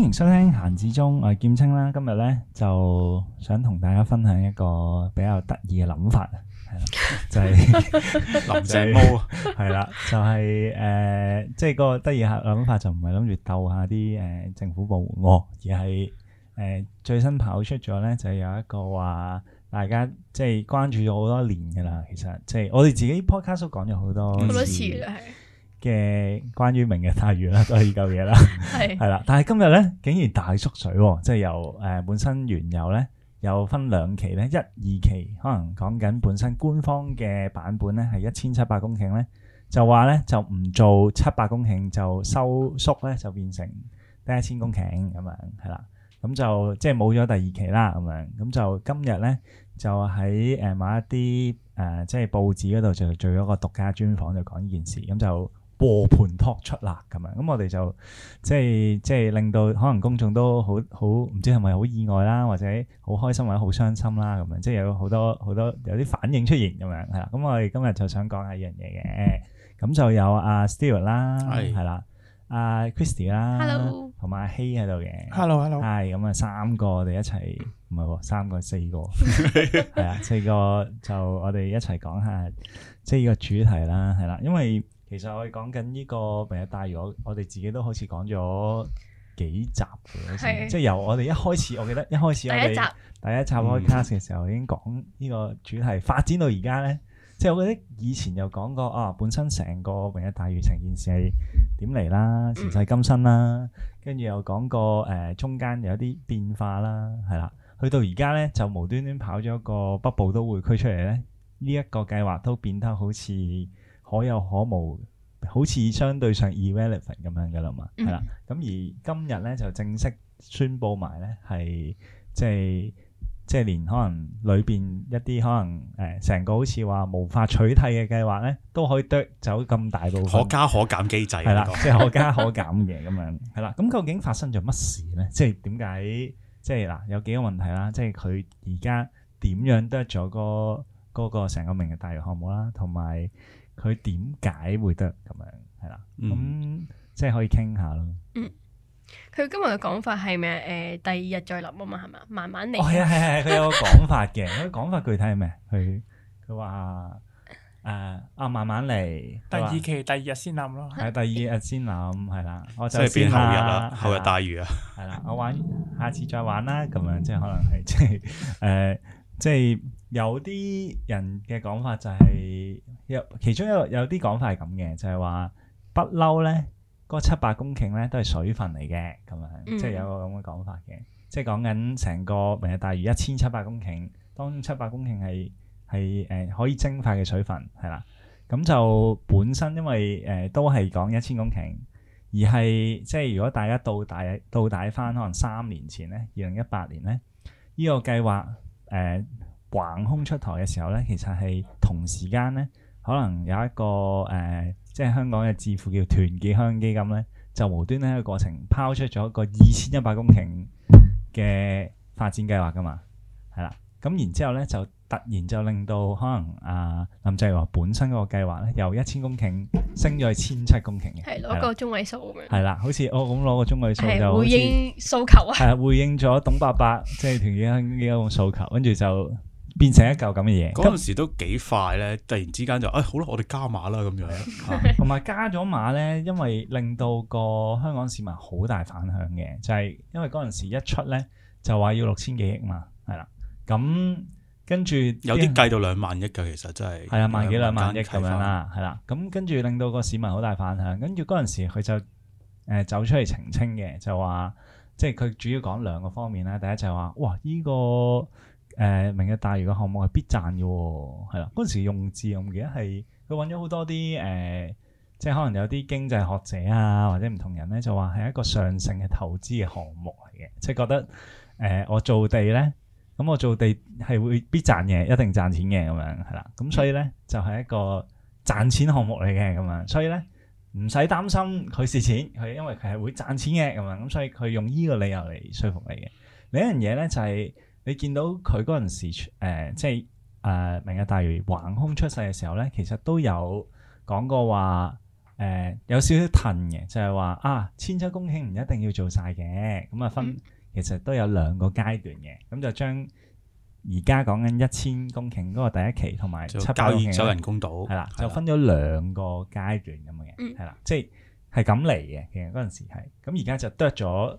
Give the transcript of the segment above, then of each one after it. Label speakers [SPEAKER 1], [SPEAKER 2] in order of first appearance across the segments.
[SPEAKER 1] 歡迎收聽閒至中，我係劍青啦。今日咧就想同大家分享一個比較得意嘅諗法，係啦，就係林鄭，係啦，就係誒，即係個得意嘅諗法就唔係諗住鬥下啲誒政府部門，而係誒最新跑出咗咧就係有一個話，大家即係關注咗好多年噶啦，其實即係我哋自己 podcast 講咗好多好多次啦，係。嘅關於明日大嶼啦，都係依嚿嘢啦，係係啦。但係今日咧，竟然大縮水，哦，即係由誒、呃、本身原油咧，又分兩期咧，一二期可能講緊本身官方嘅版本咧係一千七百公頃咧，就話咧就唔做七百公頃就收縮咧，就變成得一千公頃咁樣係啦，咁就即係冇咗第二期啦咁樣，咁就今日咧就喺誒某一啲誒，呃、即係報紙嗰度就做咗個獨家專訪，就講呢件事，咁就。盤托出啦咁樣，咁我哋就即係即係令到可能公眾都好好唔知係咪好意外啦，或者好開心或者好傷心啦咁樣，即係有好多好多有啲反應出現咁樣嚇。咁我哋今日就想講下一樣嘢嘅，咁就有阿 Stewart 啦，係係啦，阿 Kristy 啦，同埋阿希喺度嘅，hello hello，係咁啊三個我哋一齊，唔係三個四個係啊四個就我哋一齊講下即係呢個主題啦，係啦，因為。其實我哋講緊呢個明日大嶼，我我哋自己都開始講咗幾集嘅，是即係由我哋一開始，我記得一開始我哋第、嗯、第一集開 cast 嘅時候已經講呢個主題，發展到而家咧，即係我覺得以前又講過啊，本身成個明日大嶼成件事係點嚟啦，前世今生啦，跟住，嗯、又講過誒、呃、中間有啲變化啦，係啦，去到而家咧就無端端跑咗個北部都會區出嚟咧，呢、這、一個計劃都變得好似。可有可無，好似相對上 irrelevant 咁樣嘅啦嘛，係啦。咁而今日咧就正式宣布埋咧，係即係即係連可能裏邊一啲可能誒成個好似話無法取替嘅計劃咧，都可以得走咁大部分可加可減機制，係啦，即係可加可
[SPEAKER 2] 減嘅咁樣。
[SPEAKER 1] 係啦，咁究竟發生咗乜事咧？即係點解即係嗱有幾個問題啦，即係佢而家點樣得咗個嗰個成個明日大嶼項目啦，同埋。佢點解會得咁樣係啦？咁即係可以傾下咯。嗯，
[SPEAKER 3] 佢今日嘅講法係咩？誒，第二日再諗啊嘛，係咪啊？慢慢嚟。係啊係
[SPEAKER 1] 係，佢有個講法嘅。佢講法具體係咩？佢佢話誒啊，慢慢嚟，第二期第二
[SPEAKER 4] 日先諗咯。係
[SPEAKER 1] 第二日先諗係啦。我就係變後日啦，後日大嶼啊！係啦，我玩下次再玩啦。咁樣即係可能係即係誒。即係有啲人嘅講法就係、是，有其中有有啲講法係咁嘅，就係話不嬲咧，嗰七百公頃咧都係水分嚟嘅，咁樣即係有個咁嘅講法嘅，即係講緊成個、嗯、個明日大嶼一千七百公頃，當中七百公頃係係誒可以蒸發嘅水分，係啦，咁就本身因為誒、呃、都係講一千公頃，而係即係如果大家到大到底翻可能三年前咧，二零一八年咧，呢、這個計劃。誒、呃、橫空出台嘅時候咧，其實係同時間咧，可能有一個誒、呃，即係香港嘅智庫叫團結香港基金咧，就無端咧一個過程拋出咗一個二千一百公頃嘅發展計劃噶嘛，係啦，咁然之後咧就。突然就令到可能啊林鄭話本身嗰個計劃咧，由一千公頃升咗去千七公頃嘅，係攞個中位數咁樣，係啦，好似我咁攞個中位數就回應訴求啊，係回應咗董伯伯即係突然間呢一種訴求，跟住就變成一嚿咁嘅嘢。嗰陣 時
[SPEAKER 2] 都幾快咧，突然之間就誒、哎、好啦，我哋加碼啦咁樣，
[SPEAKER 1] 同埋 加咗碼咧，因為令到個香港市民好大反響嘅，就係、是、因為嗰陣時一出咧就話要六千幾億嘛，係啦咁。跟住有啲計到兩
[SPEAKER 2] 萬億嘅，其實真係係啊，兩萬幾兩萬億咁樣啦，
[SPEAKER 1] 係啦。咁、嗯啊、跟住令到個市民好大反響，跟住嗰陣時佢就誒、呃、走出嚟澄清嘅，就話即係佢主要講兩個方面啦。第一就係話哇，依、這個誒、呃、明日大嶼嘅項目係必賺嘅喎，係啦、啊。嗰陣時用字我唔記得係，佢揾咗好多啲誒、呃，即係可能有啲經濟學者啊，或者唔同人咧，就話係一個上乘嘅投資嘅項目嚟嘅，即、就、係、是、覺得誒我、呃呃、做地咧。呢咁、嗯、我做地係會必賺嘅，一定賺錢嘅咁樣係啦。咁所以咧就係一個賺錢項目嚟嘅咁樣，所以咧唔使擔心佢蝕錢，佢因為佢係會賺錢嘅咁樣。咁所以佢用呢個理由嚟說服你嘅。另一樣嘢咧就係、是、你見到佢嗰陣時，誒即係誒明日大嶼橫空出世嘅時候咧，其實都有講過話誒、呃、有少少褪嘅，就係、是、話啊千秋功慶唔一定要做晒嘅，咁啊分。嗯其實都有兩個階段嘅，咁就將而家講緊一千公頃嗰個第一期同埋七百公頃，就人工島係啦，的的就分咗兩個階段咁嘅，係啦、嗯，即係係咁嚟嘅。其實嗰陣時係，咁而家就得咗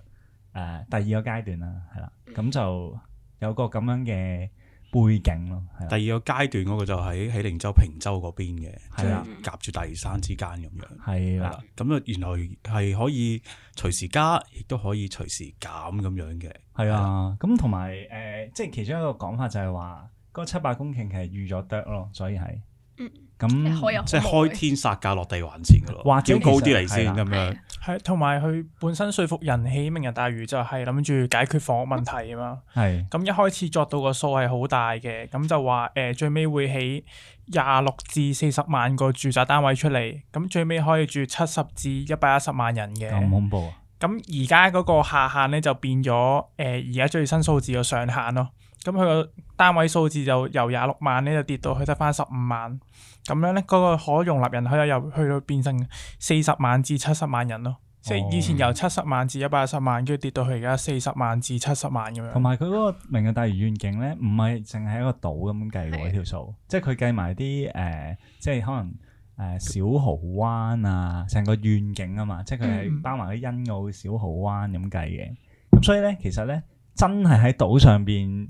[SPEAKER 1] 誒第二個階段啦，係啦，咁就有個咁樣嘅。背景咯，係
[SPEAKER 2] 第二個階段嗰個就喺喺靈洲坪洲嗰邊嘅，係啊，夾住大嶼山之間咁樣。係啊，咁啊原來係可以隨時加，亦都可以隨時減咁樣嘅。
[SPEAKER 1] 係啊，咁同埋誒，即係其中一個講法就係話，嗰七百公頃係預咗得咯，所以係。嗯。
[SPEAKER 2] 咁即係開天殺價落地還錢噶咯，或者要高啲嚟先咁樣。
[SPEAKER 4] 係，同埋佢本身說服人起明日大嶼就係諗住解決房屋問題啊嘛。係咁、嗯、一開始作到個數係好大嘅，咁就話誒、呃、最尾會起廿六至四十萬個住宅單位出嚟，咁最尾可以住七十至一百一十萬人嘅。咁恐怖啊！咁而家嗰個下限咧就變咗誒而家最新數字嘅上限咯。咁佢個單位數字就由廿六萬咧，就跌到去得返十五萬。咁樣咧，嗰個可容納人佢口又去到變成四十萬至七十萬人咯。哦、即係以前由七十萬至一百二十萬，跟住跌到去而家四十萬至七十萬咁樣。同
[SPEAKER 1] 埋佢嗰個明日大嶼願景咧，唔係淨係一個島咁計喎，呢條數。即係佢計埋啲誒，即係可能誒、呃、小蠔灣啊，成個願景啊嘛。即係佢係包埋啲欣澳小蠔灣咁計嘅。咁、嗯、所以咧，其實咧，真係喺島上邊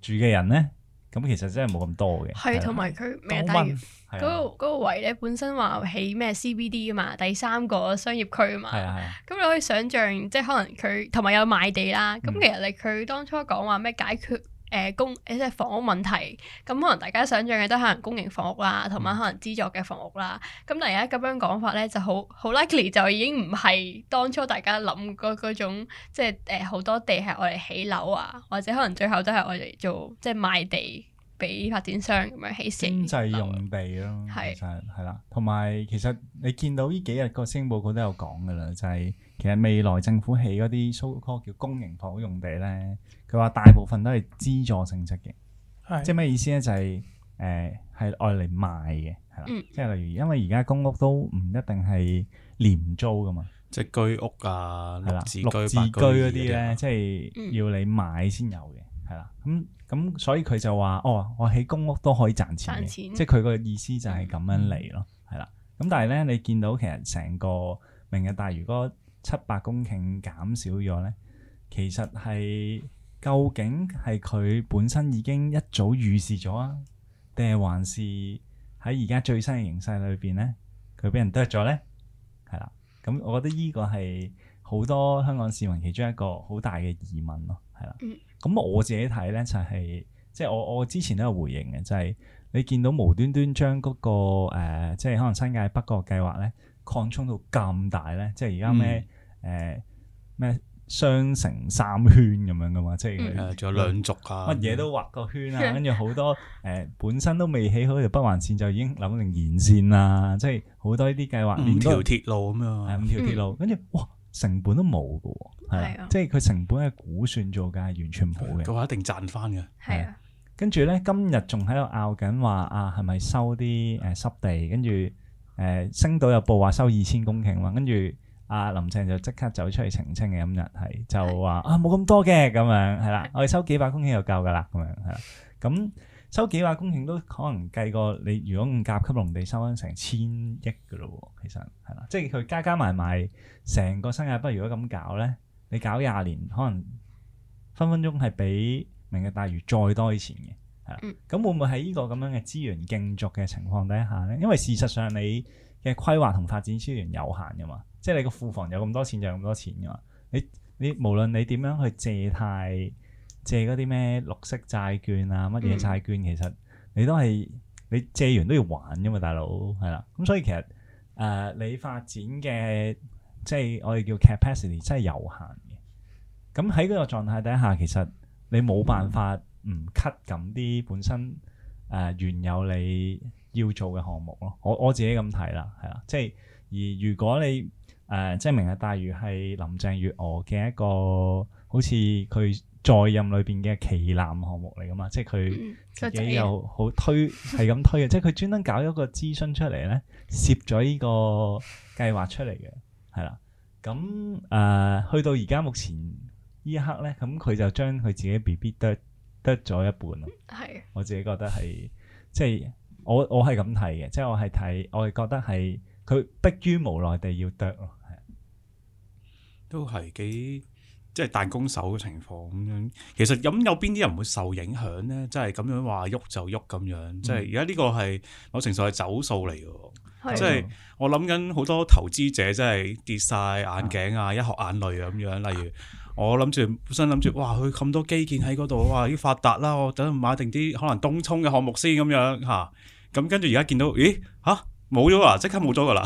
[SPEAKER 1] 住嘅人咧，咁其實真係冇咁多嘅。係是，同埋佢咩？例如嗰
[SPEAKER 3] 個嗰的個位咧，本身話起咩 CBD 啊嘛，第三個商業區啊嘛。係啊係啊。咁你可以想象，即係可能佢同埋有賣地啦。咁其實你佢當初講話咩解決？誒、呃、公誒即係房屋問題，咁、嗯嗯、可能大家想象嘅都可能公營房屋啦，同埋可能資助嘅房屋啦。咁但係而家咁樣講法咧，就好好 luckily 就已經唔係當初大家諗嗰嗰種，即係誒好多地係我哋起樓啊，或者可能最後都係我哋做即係賣地俾發展商咁樣起先。經
[SPEAKER 1] 濟用地咯，係係啦，同埋的其，其實你見到呢幾日個星報告都有講嘅啦，就係、是、其實未來政府起嗰啲 so called 叫公營房屋用地咧。佢話大部分都係資助性質嘅，即係咩意思咧？就係誒係愛嚟賣嘅，係啦，即係例如，因為而家公屋都唔一定係廉租噶嘛，即係居屋啊，係啦，居嗰啲咧，即係要你買先有嘅，係啦，咁咁所以佢就話：哦，我喺公屋都可以賺錢嘅，即係佢個意思就係咁樣嚟咯，係啦。咁但係咧，你見到其實成個明日大嶼嗰七百公頃減少咗咧，其實係。究竟係佢本身已經一早預示咗啊？定係還是喺而家最新嘅形勢裏邊咧，佢俾人剁咗咧？係啦，咁我覺得呢個係好多香港市民其中一個好大嘅疑問咯。係啦，咁我自己睇咧就係、是，即係我我之前都有回應嘅，就係、是、你見到無端端將嗰、那個、呃、即係可能新界北個計劃咧擴充到咁大咧，即係而家咩誒咩？嗯呃雙城三圈咁樣噶嘛，即係，誒，仲有兩軸啊，乜嘢都畫個圈啊，跟住好多誒，本身都未起好，條北環線就已經諗定延線啦，即係好多呢啲計劃，五條鐵路咁樣，係五條鐵路，跟住哇，成本都冇噶，係啊，即係佢成本係估算做噶，完全冇嘅，佢話
[SPEAKER 2] 一定賺翻嘅，係啊，
[SPEAKER 1] 跟住咧今日仲喺度拗緊話啊，係咪收啲誒濕地，跟住誒，星島日報話收二千公頃嘛，跟住。啊！林鄭就即刻走出去澄清嘅咁日係，就話是的 啊冇咁多嘅咁樣係啦，我哋收幾百公頃就夠噶啦咁樣係啦。咁收幾百公頃都可能計過你，你如果五甲級農地收翻成千億噶咯喎，其實係啦，即係佢加加埋埋成個新加坡如果咁搞咧，你搞廿年可能分分鐘係比明日大嶼再多啲錢嘅。係啦，咁、嗯、會唔會喺呢個咁樣嘅資源競逐嘅情況底下咧？因為事實上你嘅規劃同發展資源有限㗎嘛。即係你個庫房有咁多錢，就咁多錢噶嘛？你你無論你點樣去借貸，借嗰啲咩綠色債券啊，乜嘢債券，其實你都係你借完都要還噶嘛，大佬係啦。咁所以其實誒、呃，你發展嘅即係我哋叫 capacity，真係有限嘅。咁喺嗰個狀態底下，其實你冇辦法唔 cut 咁啲本身誒、嗯呃、原有你要做嘅項目咯。我我自己咁睇啦，係啦，即係而如果你。誒、呃，即係明日大嶼係林鄭月娥嘅一個，好似佢在任裏邊嘅旗艦項目嚟噶嘛？即係佢自己又好推，係咁 推嘅。即係佢專登搞咗個諮詢出嚟咧，攝咗呢個計劃出嚟嘅，係啦。咁、嗯、誒，去、呃、到而家目前呢一刻咧，咁佢就將佢自己 B B 得得咗一半咯。是我自己覺得係，即係我我係咁睇嘅，即係我係睇，我係覺得係佢迫於無奈地要得。
[SPEAKER 2] 都係幾即係彈弓手嘅情況咁樣，其實咁有邊啲人會受影響咧？即係咁樣話喐就喐咁樣，嗯、即係而家呢個係某程度係走數嚟
[SPEAKER 3] 嘅，的即係
[SPEAKER 2] 我諗緊好多投資者真係跌晒眼鏡啊，的一學眼淚咁樣。例如我諗住本身諗住哇，佢咁多基建喺嗰度，哇要發達啦，我等買定啲可能東涌嘅項目先咁樣吓。咁跟住而家見到咦、吓、啊？冇咗啦，即刻冇咗噶啦，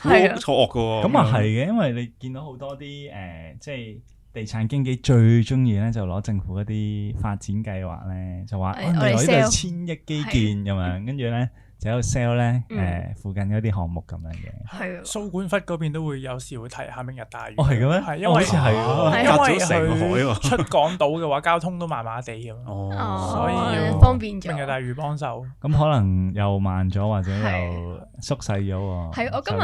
[SPEAKER 1] 好錯愕噶喎。咁啊係嘅，因為你見到好多啲誒、呃，即係地產經紀最中意咧，就攞政府一啲發展計劃咧，就話呢度係千億基建咁的樣，跟住咧。 喺度 sell 咧，誒附近嗰啲項目咁樣嘅，
[SPEAKER 4] 係啊，掃管笏嗰邊都會有時會睇下明日大嶼。哦係嘅咩？係因為好似係，因為佢出港島嘅話，交通都麻麻地咁。哦，所以方便咗。明日大嶼幫手，
[SPEAKER 1] 咁可能又慢咗或者又縮細咗喎。係啊！我今日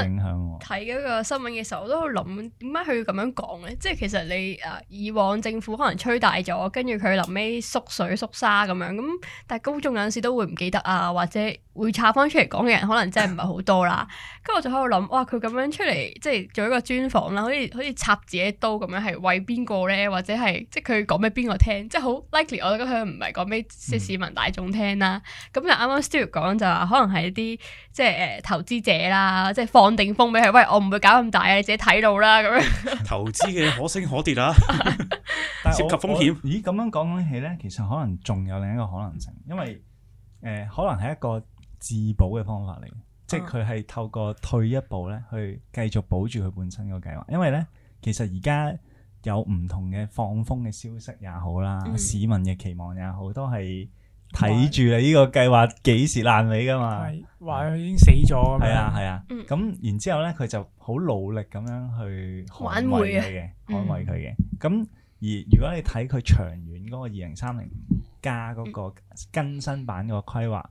[SPEAKER 3] 睇嗰個新聞嘅時候，我都諗點解佢要咁樣講咧？即係其實你誒以往政府可能吹大咗，跟住佢臨尾縮水縮沙咁樣咁，但係公眾有陣時都會唔記得啊，或者會差翻出嚟講嘅人可能真係唔係好多啦，跟住 我就喺度諗，哇！佢咁樣出嚟，即係做一個專訪啦，好似好似插自己刀咁樣，係為邊個咧？或者係即係佢講俾邊個聽？即係好 likely，我覺得佢唔係講俾啲市民大眾聽啦。咁就啱啱 Stewart 講就話，可能係一啲即係誒投資者啦，即係放定風俾佢，喂，我唔會搞咁大啊，你自己睇到啦咁樣。
[SPEAKER 2] 投資嘅可升可跌啊，涉及風險。咦，咁樣講起咧，其
[SPEAKER 1] 實可能仲有另一個可能性，因為誒、呃，可能係一個。自保嘅方法嚟嘅，即係佢係透過退一步咧，去繼續保住佢本身個計劃。因為咧，其實而家有唔同嘅放風嘅消息也好啦，嗯、市民嘅期望也好，都係睇住你呢個計劃幾時爛尾噶嘛，
[SPEAKER 4] 話佢已經死咗。係啊係啊，
[SPEAKER 1] 咁、啊嗯、然之後咧，佢就好努力咁樣去捍衛佢嘅，啊嗯、捍衛佢嘅。咁、嗯、而如果你睇佢長遠嗰個二零三零加嗰個更新版個規劃。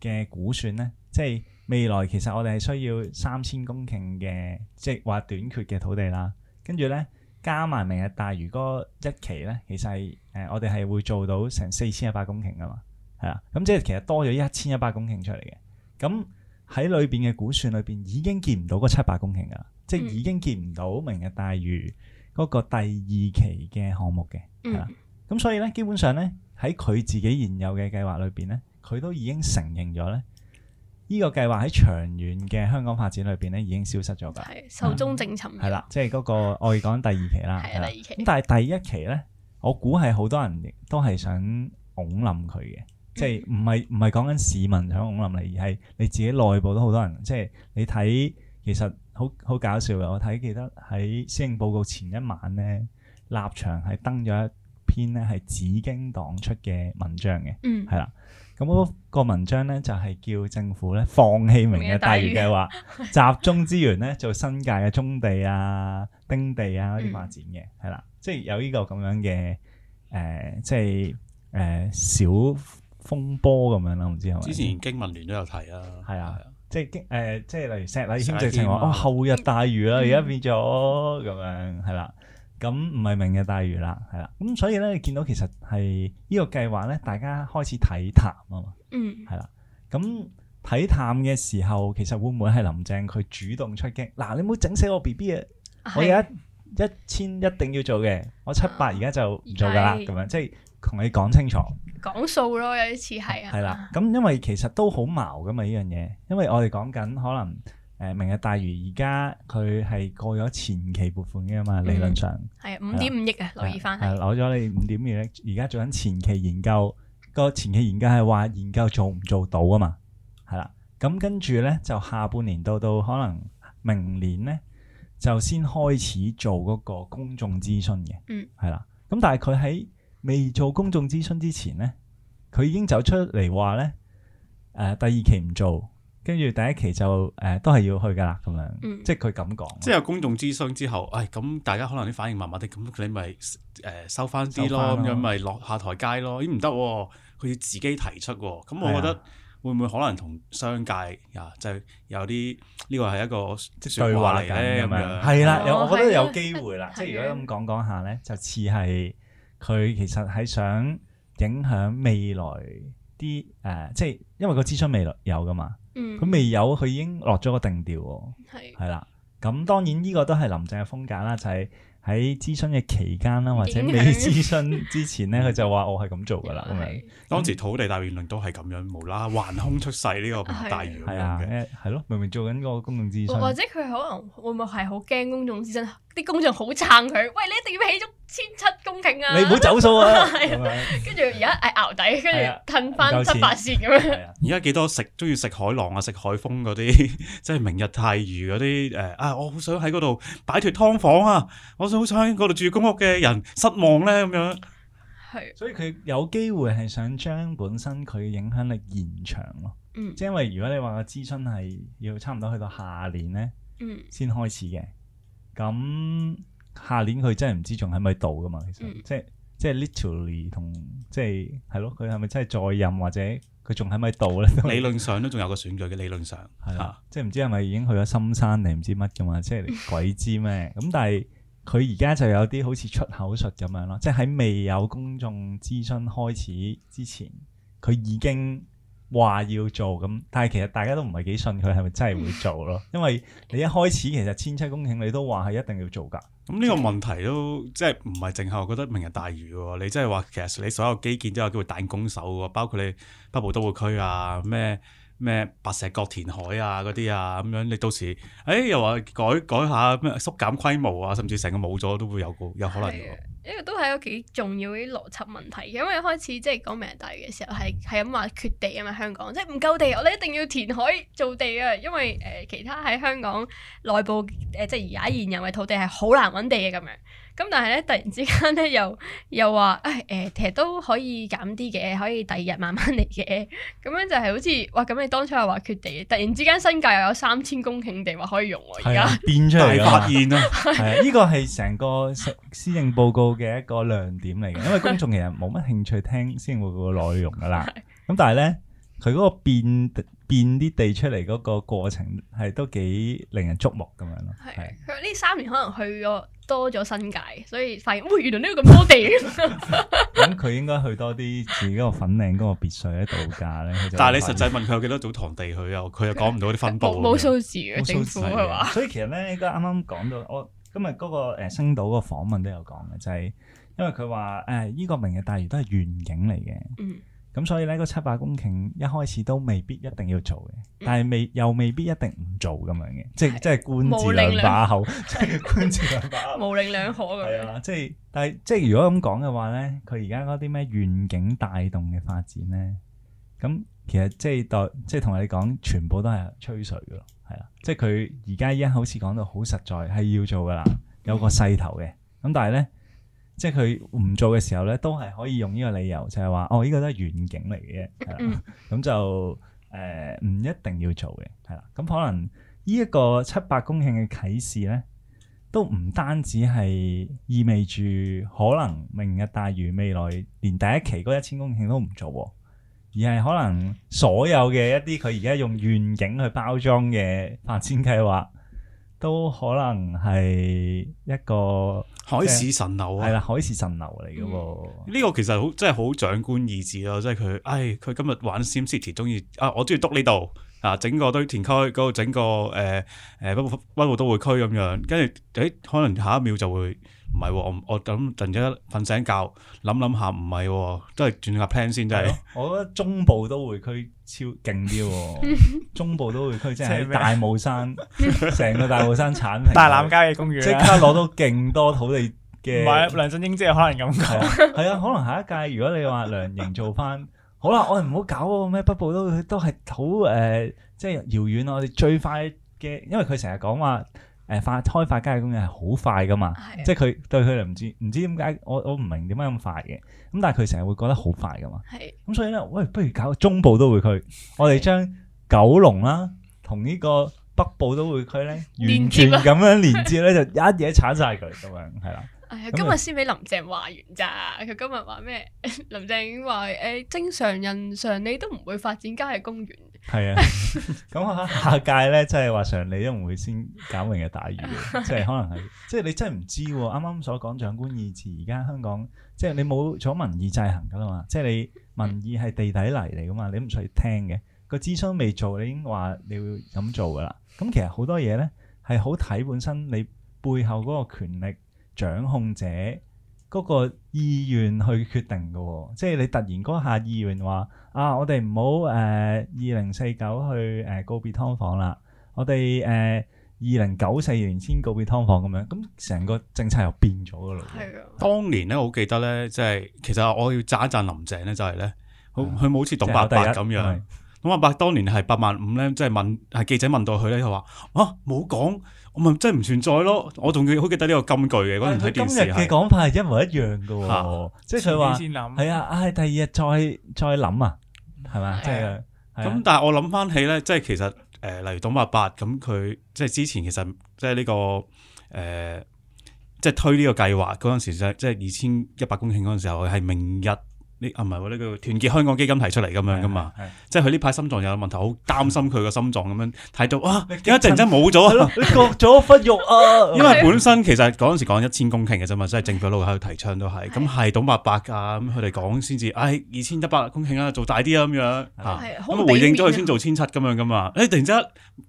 [SPEAKER 1] 嘅估算咧，即係未來其實我哋係需要三千公頃嘅，即係話短缺嘅土地啦。跟住咧，加埋明日大嶼嗰一期咧，其實係誒，我哋係會做到成四千一百公頃噶嘛，係啦。咁即係其實多咗一千一百公頃出嚟嘅。咁喺裏邊嘅估算裏邊，已經見唔到嗰七百公頃噶啦，即係已經見唔到明日大嶼嗰個第二期嘅項目嘅。係啦。嗯。咁所以咧，基本上咧，喺佢自己現有嘅計劃裏邊咧。佢都已經承認咗咧，呢、這個計劃喺長遠嘅香港發展裏邊咧，已經消失咗㗎。係壽終
[SPEAKER 3] 正寢。係啦，
[SPEAKER 1] 即係嗰個我講第二期啦。係第二期。咁但係第一期咧，我估係好多人都係想拱冧佢嘅，嗯、即係唔係唔係講緊市民想拱冧你，而係你自己內部都好多人。即係你睇，其實好好搞笑嘅。我睇記得喺施政報告前一晚咧，立場係登咗一。篇咧係紫荊黨出嘅文章嘅，係啦、嗯，咁嗰個文章咧就係、是、叫政府咧放棄明日大嶼計劃， 集中資源咧做新界嘅棕地啊、丁地啊嗰啲發展嘅，係啦、嗯，即係有呢個咁樣嘅，誒、呃，即係誒、呃、小風波咁樣啦，唔知係咪？之前
[SPEAKER 2] 經文聯都有提啊，係啊
[SPEAKER 1] 的的、呃，即係經誒，即係例如石禮謙就話：哇、啊啊，後日大嶼啦，而家變咗咁、嗯啊、樣，係、嗯、啦。咁唔係明嘅大嶼啦，係啦，咁、嗯、所以咧，你見到其實係呢個計劃咧，大家開始睇淡啊嘛，嗯，係啦、嗯，咁睇淡嘅時候，其實會唔會係林鄭佢主動出擊？嗱，你唔好整死我 B B 啊！的我而家一千一定要做嘅，我七百而家就唔做噶啦，咁的樣即係同你講清楚，
[SPEAKER 3] 講數咯，有啲似係啊，係啦，
[SPEAKER 1] 咁、嗯嗯嗯、因為其實都好矛噶嘛呢樣嘢，因為我哋講緊可能。誒，明日大嶼而家佢係過咗前期撥款嘅嘛，嗯、理論上
[SPEAKER 3] 係五點五億啊，留
[SPEAKER 1] 意翻係攞咗你五點五億，而家做緊前期研究。個前期研究係話研究做唔做到啊嘛，係啦。咁跟住咧就下半年到到可能明年咧就先開始做嗰個公眾諮詢嘅，係啦。咁、嗯嗯、但係佢喺未做公眾諮詢之前咧，佢已經走出嚟話咧，誒，第二期唔做。跟住第一期就誒、呃，都係要去噶啦，咁樣，嗯、即係佢咁講，
[SPEAKER 2] 即係有公眾諮詢之後，誒、哎、咁大家可能啲反應麻麻地，咁你咪誒收翻啲咯，咁樣咪落下台階咯。咦，唔得、哦，佢要自己提出咁、哦，我覺得會唔會可能同商界啊，就有啲呢個係一個即係對話嚟嘅咁樣係啦。有我覺得有機
[SPEAKER 1] 會啦，即係如果咁講講下咧，就似係佢其實係想影響未來啲誒、呃，即係因為個諮詢未來有噶嘛。佢未、嗯、有，佢已經落咗個定調喎。係係啦，咁當然呢個都係林鄭嘅風格啦，就係、是、喺諮詢嘅期間啦，樣或者未諮詢之前咧，佢 就話我係咁做
[SPEAKER 2] 噶啦。係的、嗯、當時土地大辯論都係咁樣，無啦，橫空出世呢
[SPEAKER 1] 個大樣咯，明明做緊個公眾諮詢，或者
[SPEAKER 3] 佢可能會唔會係好驚公眾諮詢。啲工場好撐佢，喂你一定要起足千七公頃啊！你唔好走數啊！跟住而家誒熬底，跟住褪翻七八線咁
[SPEAKER 2] 樣。而家幾多食中意食海浪啊，食海風嗰啲， 即係明日大嶼嗰啲誒啊！我好想喺嗰度擺脱劏房啊！我想好想喺嗰度住公屋嘅人失望咧咁樣。係的，所以佢有
[SPEAKER 1] 機會係想將本身佢嘅影響力延長咯。即係、嗯、因為如果你話個諮詢係要差唔多去到下年咧，先開始嘅。嗯嗯咁下年佢真係唔知仲喺咪喺度噶嘛？嗯嗯、其實即係即係 literally 同即係係咯，佢係咪真係在任或者佢仲喺咪喺度咧？理
[SPEAKER 2] 論上都仲有個選舉嘅，理論上係啊，
[SPEAKER 1] 即係唔知係咪已經去咗深山定唔知乜噶嘛？即係你鬼知咩？咁、嗯、但係佢而家就有啲好似出口術咁樣咯，即係喺未有公眾諮詢開始之前，佢已經，話要做咁，但係其實大家都唔係幾信佢係咪真係會做咯， 因為你一開始其實千七公頃你都話係一定要做㗎，咁
[SPEAKER 2] 呢、嗯、以個問題都即係唔係淨係我覺得明日大嶼喎，你即係話其實你所有基建都有機會彈弓手喎，包括你北部都會區啊咩。咩白石角填海啊嗰啲啊咁樣，你到時，誒、哎、又話改改下咩縮減規模啊，甚至成個冇咗都會有個有可能嘅。
[SPEAKER 3] 呢個都係一個幾重要啲邏輯問題，因為開始即係、就是、講明日大嶼嘅時候係係咁話缺地啊嘛，香港即係唔夠地，我哋一定要填海造地啊，因為誒、呃、其他喺香港內部誒、呃、即係而家現有嘅土地係好難揾地嘅咁樣。咁但係咧，突然之間咧又又話誒誒，其實都可以減啲嘅，可以第二日慢慢嚟嘅。咁樣就係好似哇！咁你當初又話決定，突然之間新界又有三千公頃地話可以用喎、啊，而家、啊、
[SPEAKER 1] 變出嚟發現咯。呢、 啊、個係成個施政報告嘅一個亮點嚟嘅，因為公眾其實冇乜興趣聽施政報告內容噶啦。咁、啊、但係咧。佢嗰個變啲地出嚟嗰個過程係都幾令人觸目咁樣咯，
[SPEAKER 3] 係佢呢三年可能去咗多咗新界，所以發現，原來呢個咁多地咁，
[SPEAKER 1] 佢、 嗯、應該去多啲自己個粉嶺嗰個別墅喺度假咧。但係你實際
[SPEAKER 2] 問佢有幾多祖堂地去，佢又佢又講唔到啲分佈。
[SPEAKER 1] 冇 數字嘅政府佢話。所以其實咧，啱啱講到我今日嗰個星島嗰個訪問都有講嘅，就係、是、因為佢話誒呢個明日大嶼都係願景嚟嘅。嗯咁所以咧，個七百公頃一開始都未必一定要做嘅，嗯、但係未又未必一定唔做咁 樣嘅，即係即係官字兩把口，即係官字兩把口，無
[SPEAKER 3] 令兩可嘅。係
[SPEAKER 1] 啊，即係，但係即係如果咁講嘅話咧，佢而家嗰啲咩願景帶動嘅發展咧，咁其實即係代即係同你講，全部都係吹水㗎，係啦，即係佢而家而家好似講到好實在係要做㗎啦，有個勢頭嘅，咁但係咧。即係佢唔做嘅時候咧，都係可以用呢個理由，就係、是、話哦，呢、這個都係願景嚟嘅，咁 就誒唔、呃、一定要做嘅，係啦。咁、嗯、可能呢一個七百公頃嘅啟示咧，都唔單止係意味住可能明日大嶼未來連第一期嗰一千公頃都唔做，而係可能所有嘅一啲佢而家用願景去包裝嘅發展計劃。都可能係一個、就是、海市蜃樓啊，係啦了，嗯、海市蜃樓嚟
[SPEAKER 2] 嘅喎。呢、嗯這個其實好，真係好長官意志咯，即係佢，哎，佢今日玩 Sim City 中意啊，我中意篤呢度啊，整個堆填區度整個誒誒北部北部都會區咁樣，跟住誒可能下一秒就會。唔係、啊，我我咁，陣間瞓醒覺，諗諗下，唔係、啊，都係轉下 plan 先，真係、
[SPEAKER 1] 啊。 我覺得中部都會區超勁啲喎，中部都會區即係大帽山，成 個大帽山產。大欖郊嘅公園、啊，即刻攞到勁多土地嘅。唔係、啊、
[SPEAKER 4] 梁振英，即係可能咁講。
[SPEAKER 1] 係 啊，啊，可能下一屆，如果你話梁營做翻，好啦、啊，我哋唔好搞嗰咩北部都都係好誒，即係遙遠咯。我哋最快嘅，因為佢成日講話。誒發開發郊野公園係好快㗎嘛，的即係佢對佢嚟，唔知唔知點解我我唔明點解咁快嘅，咁但係佢成日會覺得好快㗎嘛，咁的所以咧，喂，不如搞中部都會區，的我哋將九龍啦、啊、同呢個北部都會區咧，完全咁樣連接咧，就一嘢鏟晒佢咁樣係啦。哎呀，今日先
[SPEAKER 3] 俾林鄭話完咋，佢今日話咩？林鄭話誒、欸，正常人常你都唔會發展郊野公園。
[SPEAKER 1] 係啊，咁我、 嗯、下屆咧，即係話常理都唔會先搞明日大嶼，即係可能係，即係你真係唔知、啊。啱啱所講長官意志，而家香港即係你冇咗民意制衡噶啦嘛，即係你民意係地底泥嚟噶嘛，你唔出去聽嘅，那個諮詢未做，你已經話你會咁做噶啦。咁其實好多嘢咧，係好睇本身你背後嗰個權力掌控者。嗰個意願去決定嘅喎，即係你突然嗰下意願話啊，我哋唔好誒二零四九去誒告別劏房啦，我哋誒二零九四年先告別劏房咁樣，咁成個政策又變咗
[SPEAKER 2] 嘅咯。係啊，當年咧我記得咧，即係其實我要讚一讚林鄭咧，就係咧，佢冇似董伯伯咁樣，董伯伯當年係八萬五咧，即係問係記者問到佢咧，佢話啊冇講。我咪真係唔存在咯，我仲記好記得呢個金句嘅，嗰陣時睇電視係今日嘅講法係一模一樣噶，即係佢話係
[SPEAKER 1] 啊，唉，啊啊、第二日再再諗啊，係嘛？即係咁，啊
[SPEAKER 2] 啊、但係我諗翻起咧，即係其實誒、呃，例如董馬伯伯咁，佢即係之前其實即係呢個誒，即係、這個呃、推呢個計劃嗰陣時就係，即係二千一百公頃嗰陣時候係明日。你唔係呢個團結香港基金提出嚟咁樣噶嘛，即係佢呢排心臟有問題，好擔心佢個心臟咁樣睇到，哇！一陣間冇咗，你割咗一忽肉
[SPEAKER 1] 啊！因為本
[SPEAKER 2] 身其實嗰陣時講一千公頃嘅啫嘛，即係政府喺度喺度提倡都係，咁係董伯伯啊咁佢哋講先至，唉，二千一百公頃啊，做大啲啊咁樣，
[SPEAKER 3] 咁回應咗佢先做
[SPEAKER 2] 千七咁樣噶嘛，誒突然之間，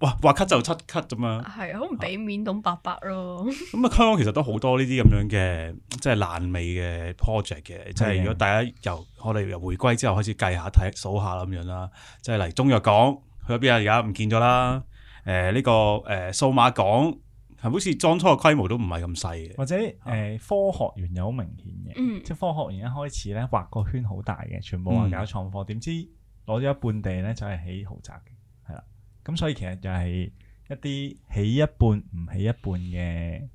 [SPEAKER 2] 哇，劃 cut 就七 cut 咁樣，
[SPEAKER 3] 係好唔俾面董伯伯
[SPEAKER 2] 咯。咁啊，香港其實都好多呢啲咁樣嘅，即係爛尾嘅 project 嘅，即係如果大家由我哋又回歸之後開始計下睇數下啦咁樣啦，即係嚟中藥港去咗邊啊？而家唔見咗啦。誒、呃、呢，這個誒，數碼港係好似當初嘅規模都唔係咁細嘅。或
[SPEAKER 1] 者誒、呃，科學園又好明顯嘅，嗯、即係科學園一開始咧畫個圈好大嘅，全部話搞創科，點、嗯、知攞咗一半地咧就係起豪宅嘅，係啦。咁所以其實就係一啲起一半唔起一半嘅，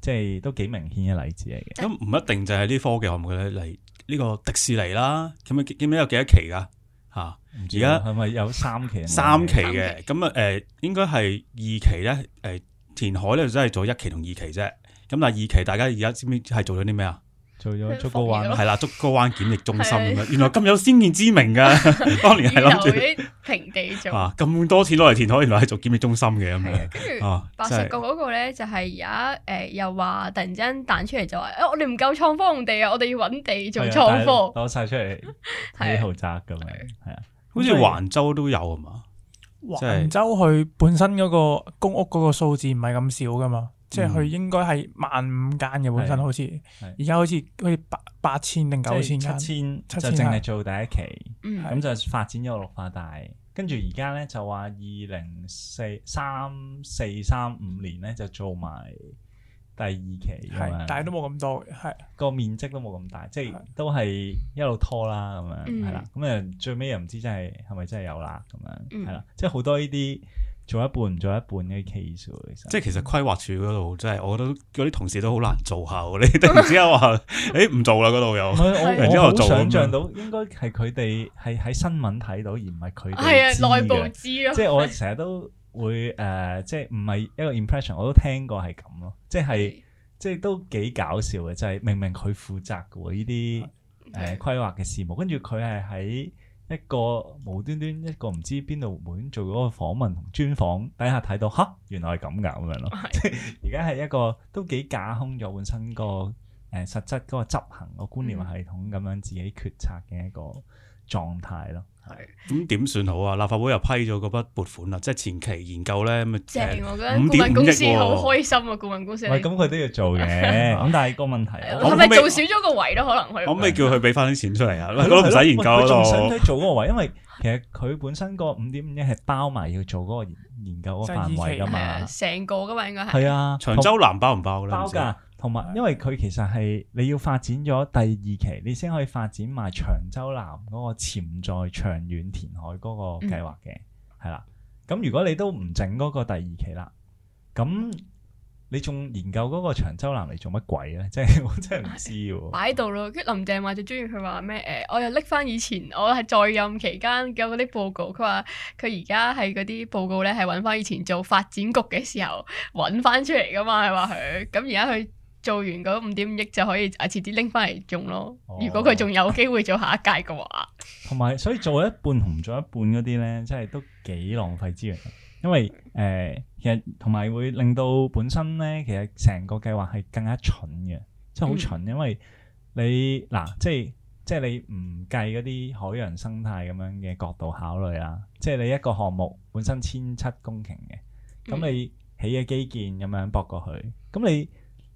[SPEAKER 1] 即係都幾
[SPEAKER 2] 明顯嘅例子嚟嘅。咁唔、嗯、一定就係呢科技項目咧嚟。呢個迪士尼啦，咁啊記唔記得有幾多期噶吓？而家係
[SPEAKER 1] 咪有三期？三期嘅
[SPEAKER 2] 咁啊？誒、呃，應該係二期咧。誒、呃，填海咧，就真係做一期同二期啫。咁但係二期，大家而家知唔知係做咗啲咩啊？做咗竹篙灣係啦，竹篙灣檢疫中心原來咁有先見之明噶，當年係諗住
[SPEAKER 3] 平地做
[SPEAKER 2] 咁多錢攞嚟填海，原來係做檢疫中心嘅咁樣。跟住白石角
[SPEAKER 3] 嗰個咧就係而家，誒，又話突然之間彈出嚟，就話，誒，我哋唔夠創科用地啊，我哋要搵地做創科，
[SPEAKER 2] 攞晒出嚟睇豪宅咁樣，係啊。好似橫洲都有吖嘛。
[SPEAKER 4] 橫洲佢本身嗰個公屋嗰個數字唔係咁少噶嘛。即係佢應該係萬五間嘅本身，啊、好似而家好似好似八八千定九千，七千，就淨係做
[SPEAKER 1] 第一期，咁就發展咗綠化帶。跟住而家咧就話二零四三四三五年咧就做埋第二期。係，但係都冇咁多，係個面積都冇咁大，即係都係一路拖啦咁樣，係啦。咁啊最尾又唔知真係係咪真係有啦咁樣，係啦，即係好多呢啲。做一半唔做一半嘅 case 其實
[SPEAKER 2] 即係其實規劃署嗰度真係，我覺得嗰啲同事都好難做下 你突然之間話，誒、欸、唔做啦，嗰度又我 我做。想像到，
[SPEAKER 1] 應該係佢哋係喺新聞睇到，而唔係佢哋係啊內部知嘅、呃。即係我成日都會誒，即係唔係一個 impression，我都聽過係咁咯。即係即係都幾搞笑嘅，就係、是、明明佢負責嘅呢啲誒規劃嘅事務，跟住佢係喺。一個無端端一個唔知邊度門做嗰個訪問同專訪底下睇到吓，原來係咁㗎咁樣咯。即係而家係一個都幾架空咗本身個誒、呃、實質嗰個執行個觀念系統咁樣自己決策嘅一個
[SPEAKER 2] 狀態咯。係咁點算好啊？立法會又批咗嗰筆撥款啦，即係前期研究咧，咪五點五億，顧問公司好開
[SPEAKER 3] 心啊！顧問公司，喂，咁佢
[SPEAKER 2] 都要做嘅，咁但係個問題，
[SPEAKER 1] 係咪做
[SPEAKER 3] 少咗個位咧？可能佢，可唔
[SPEAKER 2] 可以叫佢俾翻啲錢出嚟啊？佢都唔
[SPEAKER 1] 使研究咯，仲想佢做嗰個位，因為其實佢本身個五點五億係包埋要做嗰個研究嗰個範圍噶嘛，
[SPEAKER 3] 成個噶嘛，應該係啊，長
[SPEAKER 2] 洲南包唔包
[SPEAKER 3] 咧？包噶。
[SPEAKER 1] 同埋，因為佢其實係你要發展咗第二期，你先可以發展埋長洲南嗰個潛在長遠填海嗰個計劃嘅，係啦、嗯。咁如果你都唔整嗰個第二期啦，咁你仲研究嗰個長洲南嚟做乜鬼咧？即 係我真係唔知喎。擺
[SPEAKER 3] 喺度咯，林鄭話就中意佢話咩？誒、呃，我又拎翻以前我係在任期間嘅嗰啲報告，佢話佢而家係嗰啲報告咧，係揾翻以前做發展局嘅時候揾翻出嚟噶嘛，係話佢咁而家佢。做完嗰五點五億就可以啊，遲啲拎翻嚟用咯。Oh. 如果佢仲有機會做下一屆嘅話，
[SPEAKER 1] 同埋所以做一半同唔做一半嗰啲咧，真係都幾浪費資源。因為誒、呃，其實同埋會令到本身咧，其實成個計劃係更加蠢嘅，即係好蠢。嗯、因為你嗱、啊，即係即係你唔計嗰啲海洋生態咁樣嘅角度考慮啊，即係你一個項目本身千七公頃嘅，咁、嗯、你起嘅基建咁樣駁過去，咁你。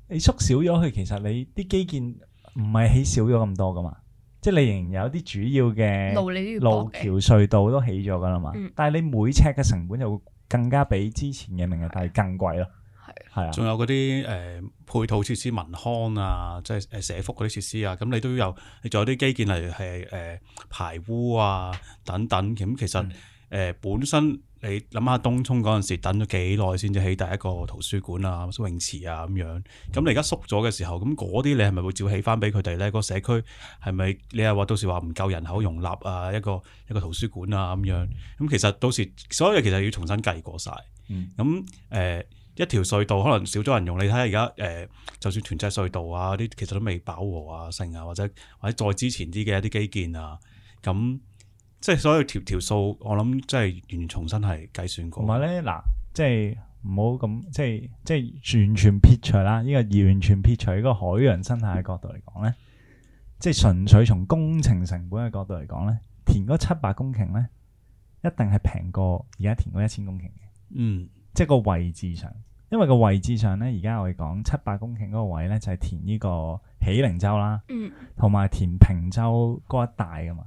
[SPEAKER 1] 你縮少咗佢，其實你啲基建唔係起少咗咁多噶嘛，即係你仍然有啲主要嘅路、路橋、隧道都起咗噶啦嘛。嗯、但係你每尺嘅成本就會更加比之前嘅明日大嶼更貴咯。係係啊，仲的
[SPEAKER 2] 有嗰啲誒配套設施、文康啊，即係誒社福嗰啲設施啊，咁你都有，你仲有啲基建例如係誒排污啊等等咁，其實。嗯誒本身你諗下東涌嗰陣時等咗幾耐先至起第一個圖書館啊、泳池啊咁樣，咁你而家縮咗嘅時候，咁嗰啲你係咪會照起翻俾佢哋咧？個社區係咪你又話到時話唔夠人口容納啊？一個一個圖書館啊咁樣，咁其實到時所有嘢其實要重新計過晒。咁誒、嗯呃、一條隧道可能少咗人用，你睇下而家誒，就算屯馬隧道啊啲，其實都未飽和啊剩啊，或者或者再之前啲嘅一啲基建啊咁。即係所有條條數，我諗即係完全重新係計算過呢。唔係咧，嗱，即係唔好咁，即係
[SPEAKER 1] 即係完全撇除啦。呢、這個完全撇除嗰個海洋生態嘅角度嚟講咧，即係純粹從工程成本嘅角度嚟講咧，填嗰七百公頃咧，一定係平過而家填嗰一千公頃嘅。嗯，即係個位置上，因為個位置上咧，而家我哋講七百公頃嗰個位咧，就係填呢個喜靈洲啦，同埋、嗯、填平洲嗰一帶噶嘛。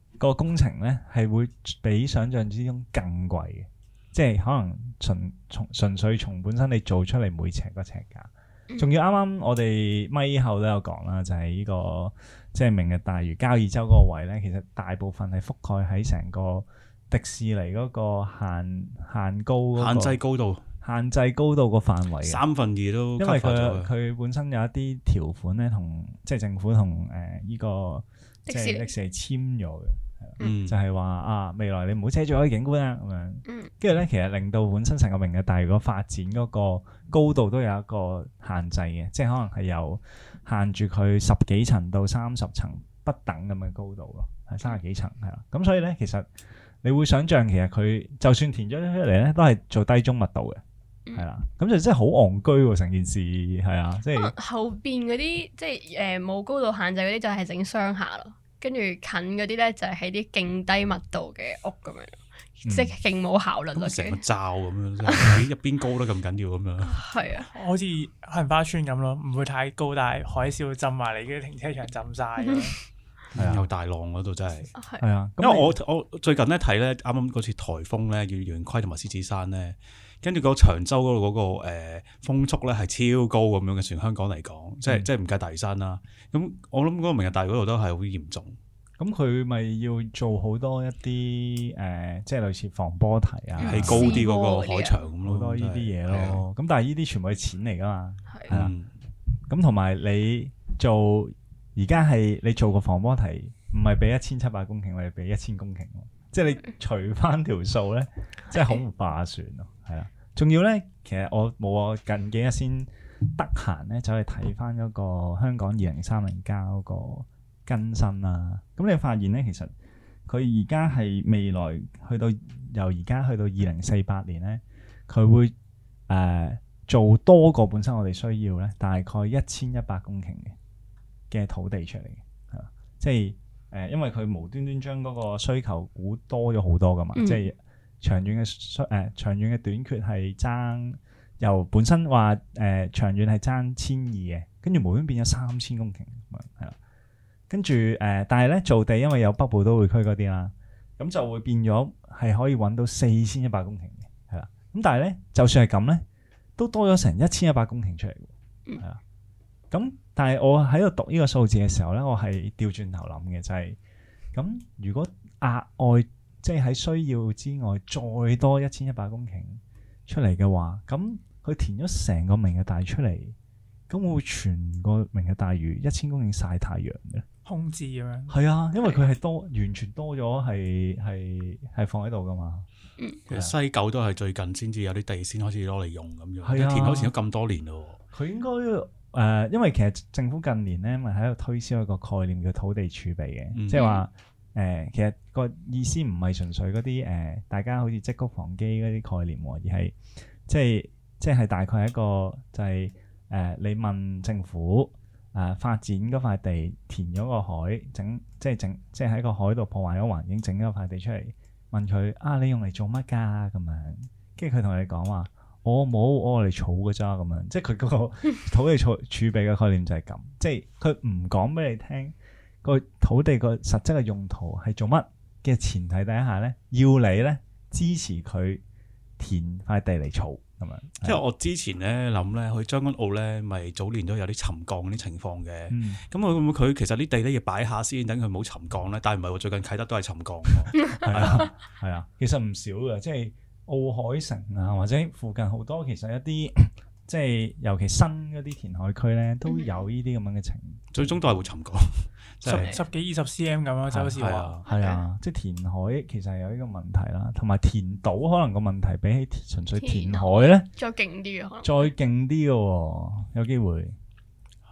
[SPEAKER 1] 個工程咧係會比想像之中更貴嘅，即係可能純從純，純粹從本身你做出嚟每尺個尺價，仲要啱啱我哋咪後都有講啦，就係、是、呢、這個即係、就是、明日大嶼交椅洲嗰個位咧，其實大部分係覆蓋喺成個迪士尼嗰個限限高、那個、限制高度、限制高度個範圍三分二都，因為佢佢本身有一啲條款咧，同即係政府同呢誒即個迪士尼簽咗嘅。嗯，就係話啊，未來你唔好遮住嗰啲景觀啊，咁樣，嗯，跟住咧，其實令到本身成個明日大嶼發展嗰個高度都有一個限制嘅，即係可能係有限住佢十幾層到三十層不等咁嘅高度咯，係三十幾層係啦，咁、嗯、所以咧，其實你會想象其實佢就算填咗出嚟咧，都係做低中密度嘅，係啦，咁、嗯、就真係好戇居成件事係啊，即係
[SPEAKER 3] 後邊嗰啲即係誒冇高度限制嗰啲就係整商廈咯。跟住近嗰啲咧就係喺啲勁低密度嘅屋咁樣，嗯、即係勁冇效率咯。成、嗯
[SPEAKER 2] 嗯、個罩咁樣，喺入邊高得咁緊要咁樣。
[SPEAKER 3] 係
[SPEAKER 4] 啊，啊 好似杏花村咁咯，唔會太高大，但係海嘯浸埋你嘅停車場浸晒。
[SPEAKER 2] 係 啊，有大浪嗰度真係。係啊，啊啊因為我、啊、我，我最近咧睇咧，啱啱嗰次台風咧，叫圓規同埋獅子山咧。跟住個長洲嗰度嗰個誒風速咧係超高咁樣嘅，全香港嚟講，即係、嗯、即係唔計大嶼山啦。咁、嗯、我諗嗰個明日大嶼嗰度都係好嚴重。
[SPEAKER 1] 咁佢咪要做好多一啲誒、呃，即係類似防波堤啊，係高啲嗰個海牆咁、啊、咯，好多呢啲嘢咯。咁但係呢啲全部係錢嚟噶嘛？係啦的。咁同埋你做而家係你做個防波堤，唔係俾一千七百公頃，我哋俾一千公頃即係你除翻條數咧，即係好唔化算咯，係啦。仲要咧，其實我冇啊，近幾日先得閒咧，就去睇翻嗰個香港二零三零加個更新啦。咁你發現咧，其實佢而家係未來去到由而家去到二零四八年咧，佢會誒、呃、做多過本身我哋需要咧，大概一千一百公頃嘅土地出嚟嘅，即係。誒，因為佢無端端將嗰個需求估多咗好多噶嘛，嗯、即係長遠嘅需誒長遠嘅短缺係爭，由本身話誒、呃、長遠係爭千二嘅，跟住無端變咗三千公頃，係啦。跟住誒、呃，但係咧造地，因為有北部都會區嗰啲啦，咁就會變咗係可以揾到四千一百公頃嘅，係啦。咁但係咧，就算係咁咧，都多咗成一千一百公頃出嚟，係啊，咁、嗯。嗯但係我喺度讀呢個數字嘅時候咧，我係調轉頭諗嘅，就係、是、咁。如果額外即係喺需要之外再多一千一百公頃出嚟嘅話，咁佢填咗成個明日大嶼出嚟，咁會全個明日大嶼，一千公頃曬太陽
[SPEAKER 2] 嘅，
[SPEAKER 4] 空置咁樣。
[SPEAKER 1] 係啊，因為佢係多完全多咗，係係係放喺度噶嘛。
[SPEAKER 2] 其實西九都係最近先至有啲地先開始攞嚟用咁樣，即係、啊、填海前都咁多年咯。佢應該。
[SPEAKER 1] 誒、呃，因為其實政府近年咧，咪喺度推銷一個概念叫土地儲備嘅，即係話誒，其實個意思唔係純粹嗰啲誒，大家好似積谷防饑嗰啲概念喎，而係即係即係大概一個就係、是、誒、呃，你問政府誒、呃、發展嗰塊地填咗個海整，即、就、係、是、整即係喺個海度破壞咗環境整咗塊地出嚟，問佢啊，你用嚟做乜㗎咁樣，他跟住佢同你講話。我冇我嚟儲㗎咋咁樣，即係佢嗰個土地儲儲備嘅概念就係咁，即係佢唔講俾你聽個土地個實質嘅用途係做乜嘅前提底下咧，要你咧支持佢填塊地嚟儲
[SPEAKER 2] 咁樣。即係我之前咧諗咧去將軍澳咧，咪早年都有啲沉降啲情況嘅。咁佢會唔會佢其實啲地咧要擺下先，等佢冇沉降咧。但係唔係我最近啟德都係沉降。係啊係啊，
[SPEAKER 1] 其實唔少嘅，即係。奧海城啊，或者附近好多，其實一啲即係尤其新一啲填海區咧，都有呢啲咁樣嘅情況，
[SPEAKER 4] 最終都係會沉降，十十幾二十 CM 咁樣。就好似話。係啊，
[SPEAKER 1] 即係填海其實有呢個問題啦，同埋填島可能個問題比起純粹填海咧，
[SPEAKER 3] 再勁啲嘅，
[SPEAKER 1] 再勁啲嘅有機會，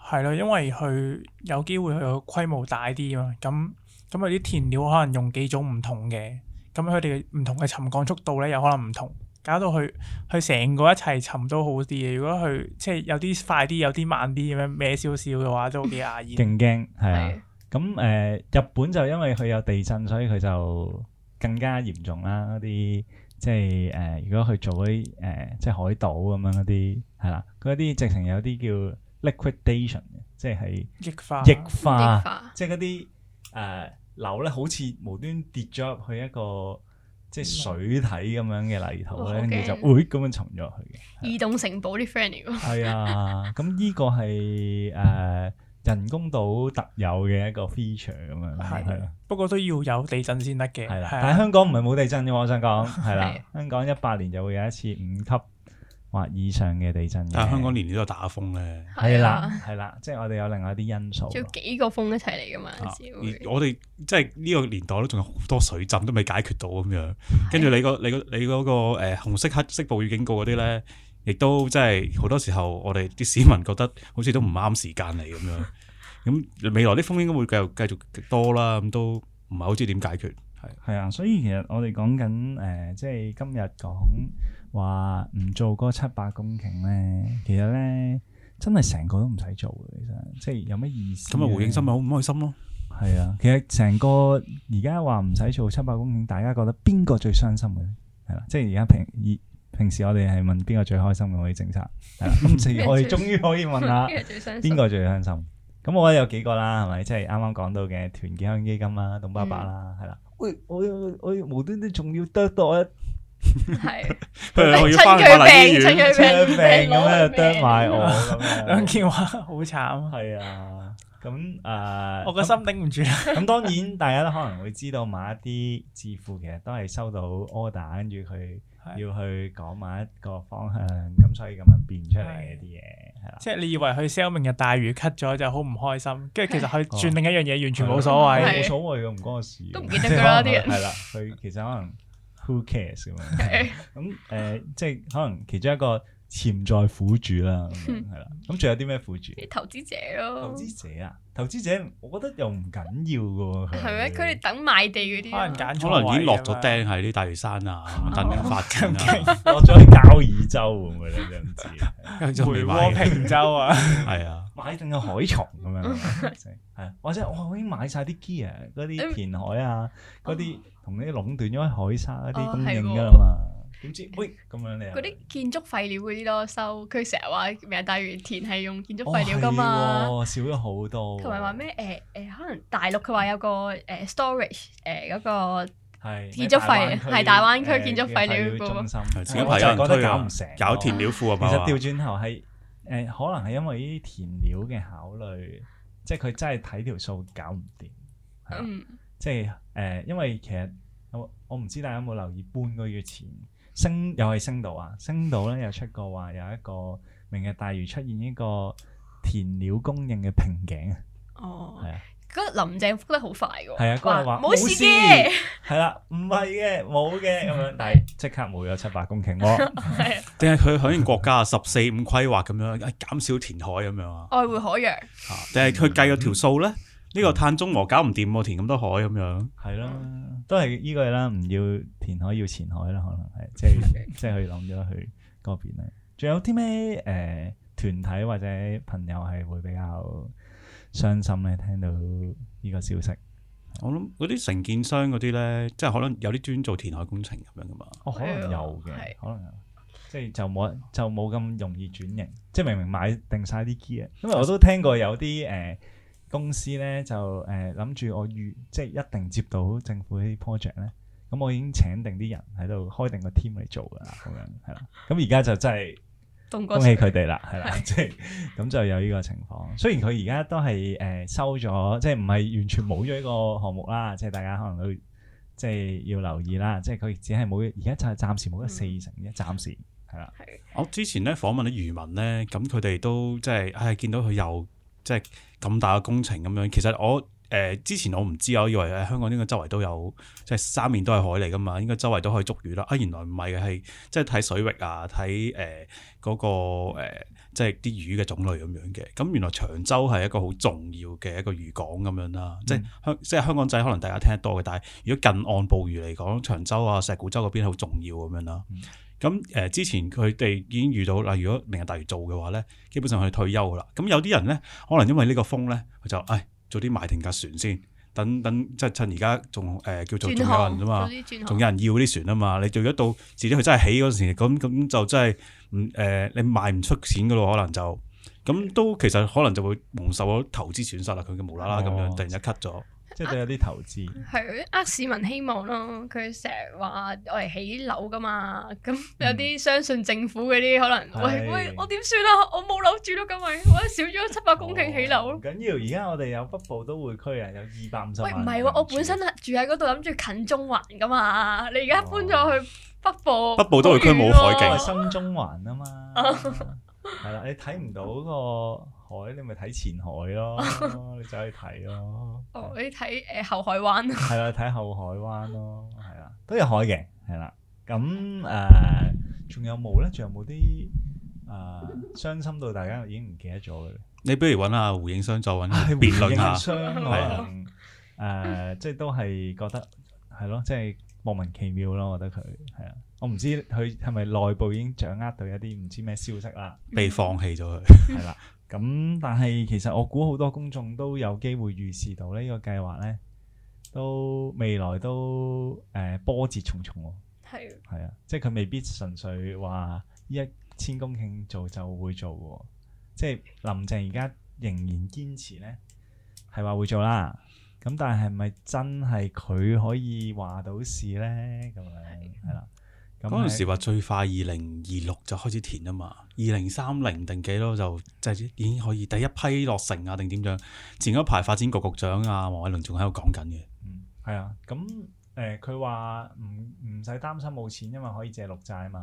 [SPEAKER 4] 係咯，啊，因為佢有機會，佢個規模大啲啊嘛，咁咁有啲填料可能用幾種唔同嘅。咁佢哋嘅唔同嘅沉降速度咧，有可能唔同，搞到佢佢成個一齊沉都好啲嘅。如果佢即係有啲快啲，有啲慢啲咁樣歪少少嘅話，都幾牙煙。勁驚
[SPEAKER 1] 係啊！咁誒、啊嗯嗯，日本就因為佢有地震，所以佢就更加嚴重啦。啲即係誒、呃，如果去做嗰啲誒，即係海島咁樣嗰啲，係啦、啊，嗰啲直情有啲叫 liquidation 嘅，即係液化，液化，即係嗰啲誒。樓咧好似無端跌咗入去一個即係水體咁樣嘅泥土咧、嗯，然後就噏咁、呃、樣沉咗去
[SPEAKER 3] 嘅。移動城堡啲 friend 嚟㗎。係 啊，
[SPEAKER 1] 咁、這、呢個係誒、呃、人工島特有嘅一個 feature 咁樣。係啊，
[SPEAKER 4] 不過都要有地震先得嘅。係啦的，的但係香港唔
[SPEAKER 1] 係冇地震嘅，我想講係啦，香港一八年就會有一次五級。的的 或以上嘅地震，但係香
[SPEAKER 2] 港年年都有打風咧，
[SPEAKER 3] 係啦，
[SPEAKER 2] 係 啦，即係、即係、我哋有另外一啲因素。要
[SPEAKER 3] 幾個風一齊嚟噶嘛？啊、我哋
[SPEAKER 2] 即係呢個年代都仲有好多水浸都未解決到咁樣，跟住你、嗰個你、嗰個、你嗰、嗰個誒、呃、紅色黑色暴雨警告嗰啲咧，亦都即係好多時候我哋啲市民覺得好似都唔啱時間嚟咁樣。咁未來啲風應該會繼續繼續多啦，咁都唔係好知點解決。
[SPEAKER 1] 係，係 啊，所以其實我哋講緊誒，即係今日講。話唔做嗰七百公頃咧，其實咧真係成個都唔使做嘅，其實即係有咩意思？咁啊，胡應湘咪好唔開心咯。係啊，其實成個而家話唔使做七百公頃，大家覺得邊個最傷心嘅咧？係啦，即係而家平平平時我哋係問邊個最開心嘅我哋政策，今次我哋終於可以問下邊個最傷心。咁我有幾個啦，係咪？即係啱啱講到嘅團結香港基金啦、董爸爸啦，係啦。我我我無端端仲要得多啊！係，出 我要出月病，咩啄埋我咁樣，
[SPEAKER 4] 樣法慘，梁好慘，係啊，
[SPEAKER 1] 咁誒，我個心頂唔住啦。咁當然，大家都可能會知道某一啲支付，其實都係收到 order，跟住佢要去講埋一個方
[SPEAKER 4] 向，咁的所以咁樣變出嚟嘅啲嘢，係啦。即係的 你以為佢 sell 明日大嶼 cut 咗就好唔開心，跟住其實佢轉另一樣嘢，完全冇所謂，冇、嗯、所謂嘅，唔關的我事，都唔記得
[SPEAKER 1] 係啦，佢 其實可能。 Who cares 咁樣？咁誒，即係可能其中一個潛在苦主啦，係啦。咁仲有啲咩苦主？啲
[SPEAKER 3] 投資者咯，投資者
[SPEAKER 1] 啊，投資者，我覺得又唔緊要嘅喎。
[SPEAKER 3] 係佢哋等買地嗰啲，可能已經落咗釘
[SPEAKER 2] 喺啲大嶼山啊，等緊發展，落咗去交椅洲咁嘅咧，真係唔知。陪鍋平洲啊，係啊，買定個海床
[SPEAKER 1] 咁樣，係或者我可以買晒啲 gear 嗰啲填海啊，嗰啲。同啲壟斷咗海沙啲供應噶啦嘛，點知喂咁樣咧？嗰啲
[SPEAKER 3] 建築廢料嗰啲多收，佢成日話咩？例如田係用建築廢料噶嘛，
[SPEAKER 1] 少咗好多。同埋話
[SPEAKER 3] 咩？誒誒，可能大陸佢話有個誒 storage 誒嗰個建築廢係大灣區建築廢料中心，小朋友覺得搞唔成，搞填料庫啊嘛。其實調
[SPEAKER 1] 轉頭係誒，可能係因為呢啲填料嘅考慮，即係佢真係睇條數搞唔掂，係咯。即係誒，因為其實我我唔知大家有冇留意，半個月前星又係星島啊，星島咧又出過話有一個明日大嶼出現呢個填料供應嘅瓶頸啊。哦，係啊，
[SPEAKER 3] 嗰林鄭覆得好快嘅，係啊，話冇事嘅，
[SPEAKER 2] 係啦，
[SPEAKER 1] 唔係嘅，冇嘅咁樣，但
[SPEAKER 2] 係即刻冇咗七百公頃咯，係，定係佢響應國家十四五規劃咁樣，減少填海咁樣啊？
[SPEAKER 3] 愛護海洋，
[SPEAKER 2] 吓，定係佢計咗條數咧？呢、嗯、個碳中和搞唔掂，填咁多海咁樣，係咯、啊，
[SPEAKER 1] 都係依個嘢啦，唔要填海，要前海啦，可能係，即係即係佢諗咗去嗰邊啦。仲 有啲咩誒團體或者朋友係會比較傷心咧？聽到呢個消息，
[SPEAKER 2] 我諗嗰啲承建商嗰啲咧，即係可能有啲專做填海工程咁樣噶嘛，
[SPEAKER 1] 哦，可能有嘅，哎、
[SPEAKER 3] 呀可能
[SPEAKER 2] 有。是即係就
[SPEAKER 1] 冇就冇咁容易轉型，即係明，明明買定晒啲機啊，因為我都聽過有啲誒。呃呃公司咧就誒諗住我預即係一定接到政府啲 project 咧，咁、嗯、我已經請定啲人喺度開定個 team 嚟做噶啦，咁樣係啦，咁而家就真
[SPEAKER 3] 係恭喜佢哋啦，係啦，
[SPEAKER 1] 即係咁就有呢個情況。雖然佢而家都係誒收咗，即係唔係完全冇咗呢個項目啦，即係大家可能都要即係要留意啦。即係佢只係冇，而家就係暫時冇得四成，一暫時
[SPEAKER 2] 係啦。我之前咧訪問啲漁民咧，咁佢哋都即係唉見到佢又。即係咁大嘅工程咁樣，其實我誒、呃、之前我唔知，我以為誒香港應該周圍都有，即、就、係、是、三面都係海嚟噶嘛，應該周圍都可以捉魚啦。啊、哎，原來唔係嘅，係即係睇水域啊，睇誒嗰個即係啲魚嘅種類咁樣嘅。咁原來長洲係一個好重要嘅一個漁港咁樣啦。即係香，即係、就是、香港仔，可能大家聽得多嘅。但係如果近岸捕魚嚟講，長洲啊、石鼓洲嗰邊好重要咁樣啦。嗯咁誒之前佢哋已經遇到，嗱如果明日大嶼做嘅話咧，基本上佢退休噶啦。咁有啲人咧，可能因為呢個風咧，佢就唉，早啲賣停架船先，等等即係趁而家仲誒叫做仲有人啊嘛，仲有人要啲船啊嘛。你做咗到，自己，佢真係起嗰陣時，咁咁就真係唔誒，你賣唔出錢噶咯，可能就咁都其實可能就會蒙受咗投資損失啦。佢嘅無啦啦咁樣突然間 cut 咗。即係有啲投資，
[SPEAKER 3] 係呃、啊啊、市民希望咯。佢成日話我係起樓噶嘛，咁有啲相信政府嗰啲可能，是喂喂，我點算啊？我冇樓住咯，咁咪我少咗七百公頃起樓。唔、哦、
[SPEAKER 1] 緊要，而家我哋有北部都會區啊，有二百五十。喂，唔
[SPEAKER 3] 係喎，我本身住喺嗰度，諗住近中環噶嘛。你而家搬咗去北部、哦？北部都會區冇海景，
[SPEAKER 1] 新中環啊嘛。係、啊、啦，你睇唔到個。海你咪睇前海咯， 你走去睇咯。
[SPEAKER 3] 哦 是，你睇誒後海灣。係
[SPEAKER 1] 啦，睇後海灣
[SPEAKER 2] 咯，係啦、啊，都有海嘅，
[SPEAKER 1] 係啦、啊。咁、啊、誒，仲有冇咧？仲有冇啲誒傷心到大家已經唔記得咗嘅？
[SPEAKER 2] 你不如揾下胡應湘、哎，再揾辯論下。商啦。
[SPEAKER 1] 誒，即係都係覺得係咯、 啊，即係、啊、莫名其妙咯。我覺得佢係啊，我唔知佢係咪內部已經掌握到一啲唔知咩消息啦，被放棄咗佢係啦。咁，但係其實我估好多公眾都有機會預示到呢個計劃呢，都未來都、呃、波折重重喎。係。係啊，的即係佢未必純粹話一千公頃做就會做喎、啊。即係林鄭而家仍然堅持呢，係話會做啦、啊。咁但係係咪真係佢可以話到事呢？咁樣係啦。嗰陣時
[SPEAKER 2] 話最快二零二六就開始填啊嘛，二零三零定幾囉，就即係已經可以第一批落成啊定點樣？前一排發展局局長啊黃偉綸仲喺度講緊嘅。嗯，
[SPEAKER 1] 係啊，咁誒佢話唔唔使擔心冇錢，因為可以借綠債啊嘛，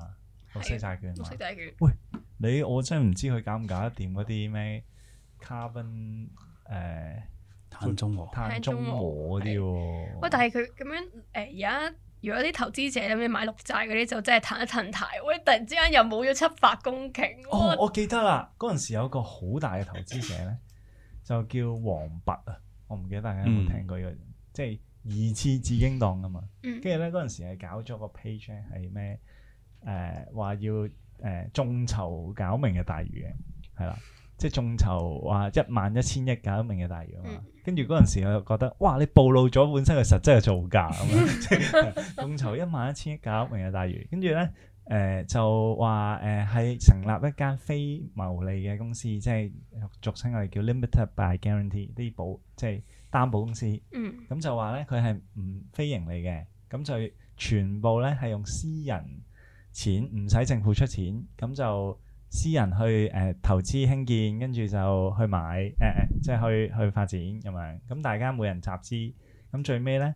[SPEAKER 1] 綠色債券嘛。綠色債券。喂，你我真係唔知佢搞唔搞得掂嗰啲咩 carbon 誒、呃、碳中和碳中和嗰啲喎。
[SPEAKER 3] 喂，但係佢咁樣誒而家。呃如果啲投資者有咩買綠債嗰啲，就真係騰一騰台。喂，突然之間又冇咗七百公頃。
[SPEAKER 1] 哦，我記得啦，嗰陣時有一個好大嘅投資者咧， 就叫黃百啊，我唔記得大家有冇聽過呢、呢個人，嗯、即係二次紫英檔噶嘛。跟住咧，嗰陣時係搞咗個 page 係咩？誒，話、呃、要誒、呃、眾籌搞明嘅大嶼嘅，係啦。即係眾籌話一萬一千億搞名嘅大嶼嘛，跟住嗰陣時我就覺得，哇！你暴露咗本身嘅實質嘅造價咁樣！眾籌一萬一千億搞名嘅大嶼，跟住咧誒就話誒係成立一間非牟利嘅公司，即係俗稱係叫 Limited by Guarantee 啲保即係擔保公司。嗯。咁就話咧，佢係唔非盈利嘅，咁就全部咧係用私人錢，唔使政府出錢，咁就。私人去誒、呃、投資興建，跟住就去買誒誒、呃，即係去去發展咁樣。咁、嗯、大家每人集資，咁、嗯、最尾咧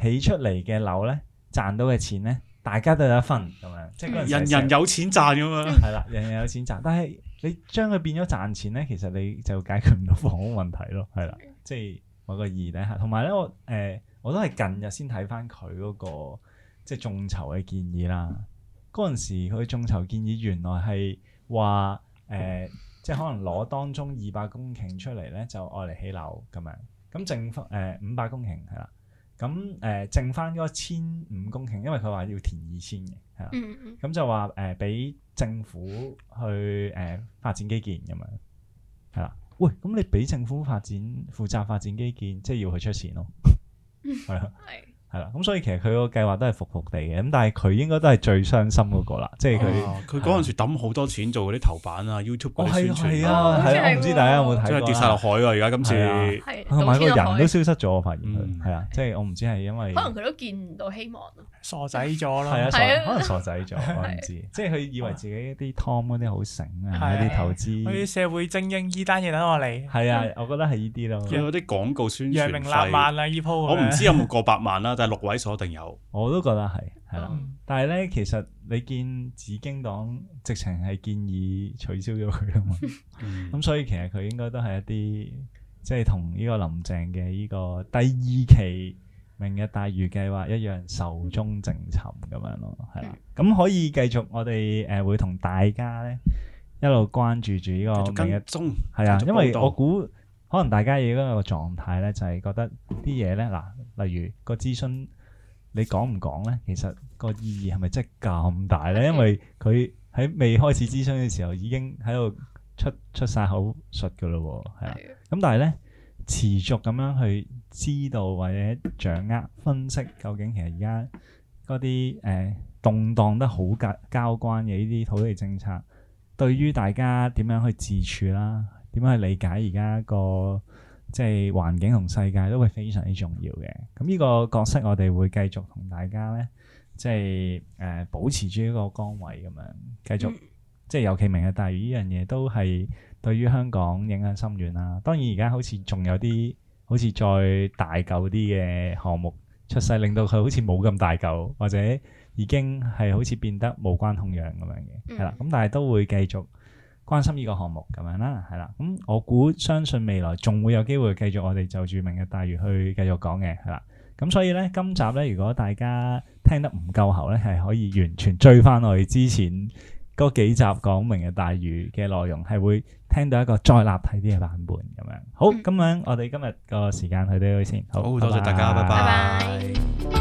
[SPEAKER 1] 起出嚟嘅樓咧賺到嘅錢咧，大家都有一份咁樣，即係人人有錢賺咁樣！係啦，人人有錢賺。但係你將佢變咗賺錢咧，其實你就解決唔到房屋問題咯，係啦。即係某個意義底下，同埋咧，我誒、呃、我都係近日先睇翻佢嗰個即係、就是、眾籌嘅建議啦。嗰陣時佢眾籌建議原來係。話誒、呃，即係可能攞當中二百公頃出嚟咧，就愛嚟起樓咁樣。咁淨翻誒五百公頃係啦，咁誒淨翻嗰千五公頃，因為佢話要填二千嘅，係啦，咁、嗯嗯、就話誒俾政府去誒、呃、發展基建咁樣係啦。喂，咁你俾政府發展負責發展基建，即、就、係、是、要佢出錢咯，係啊。 係啦，咁所以其實佢個計劃都係服服地嘅，咁但係佢應該都係最傷心嗰個啦，即係佢
[SPEAKER 2] 佢嗰陣時抌好多錢做嗰啲頭版啊 YouTube 嘅宣傳，係啊係啊，唔知大家有冇睇啊跌晒落海啊，而家今次
[SPEAKER 1] 同埋個人都消失咗，我發現係啊，即係我唔知係因為可
[SPEAKER 3] 能佢都見唔到希望，傻仔咗啦，係啊可能傻仔咗，我唔知，即係
[SPEAKER 1] 佢以為自己啲 Tom 嗰啲好醒啊，一啲投資，啲
[SPEAKER 4] 社會精英依單嘢等我嚟，係啊，我覺得係呢啲咯，有啲
[SPEAKER 2] 廣告宣傳，月明六萬啊，依鋪我唔知有冇過百萬啦。第六位所定有，
[SPEAKER 1] 我都覺得係，係啦。嗯、但係咧，其實你見紫荊黨直情係建議取消咗佢啊嘛，咁、嗯嗯、所以其實佢應該都係一啲，即係同呢個林鄭嘅呢個第二期明日大嶼計劃一樣，壽終正寢咁樣咯，係啦。咁、嗯、可以繼續我哋誒、呃、會同大家咧一路關注住呢個明日中，係啊，的因為我估。可能大家有一個狀態咧，就係、是、覺得啲嘢咧，嗱，例如、那個諮詢你講唔講咧，其實個意義係咪真係咁大咧？因為佢喺未開始諮詢嘅時候已經喺度出出曬口術嘅咯喎，係啊。咁但係咧，持續咁樣去知道或者掌握分析，究竟其實而家嗰啲誒動盪得好緊交關嘅呢啲土地政策，對於大家點樣去自處啦、啊？點樣去理解而家個即係環境同世界都會非常之重要嘅。咁呢個角色我哋會繼續同大家咧，即係誒保持住一個崗位咁樣，繼續即係尤其明日大嶼呢樣嘢，都係對於香港影響深遠啦。當然而家好似仲有啲好似再大舊啲嘅項目出世，令到佢好似冇咁大舊，或者已經係好似變得無關痛癢咁樣嘅，係啦。咁但係都會繼續。關心呢個項目咁樣啦，係啦，咁我估相信未來仲會有機會繼續我哋就住明日大嶼去繼續講嘅，係啦，咁所以呢，今集呢，如果大家聽得唔夠喉呢，係可以完全追翻我哋之前嗰幾集講明日大嶼嘅內容，係會聽到一個再立體啲嘅版本咁樣。好，咁樣我哋今日個時間去到呢度先。好，好拜拜，多謝大家，拜拜。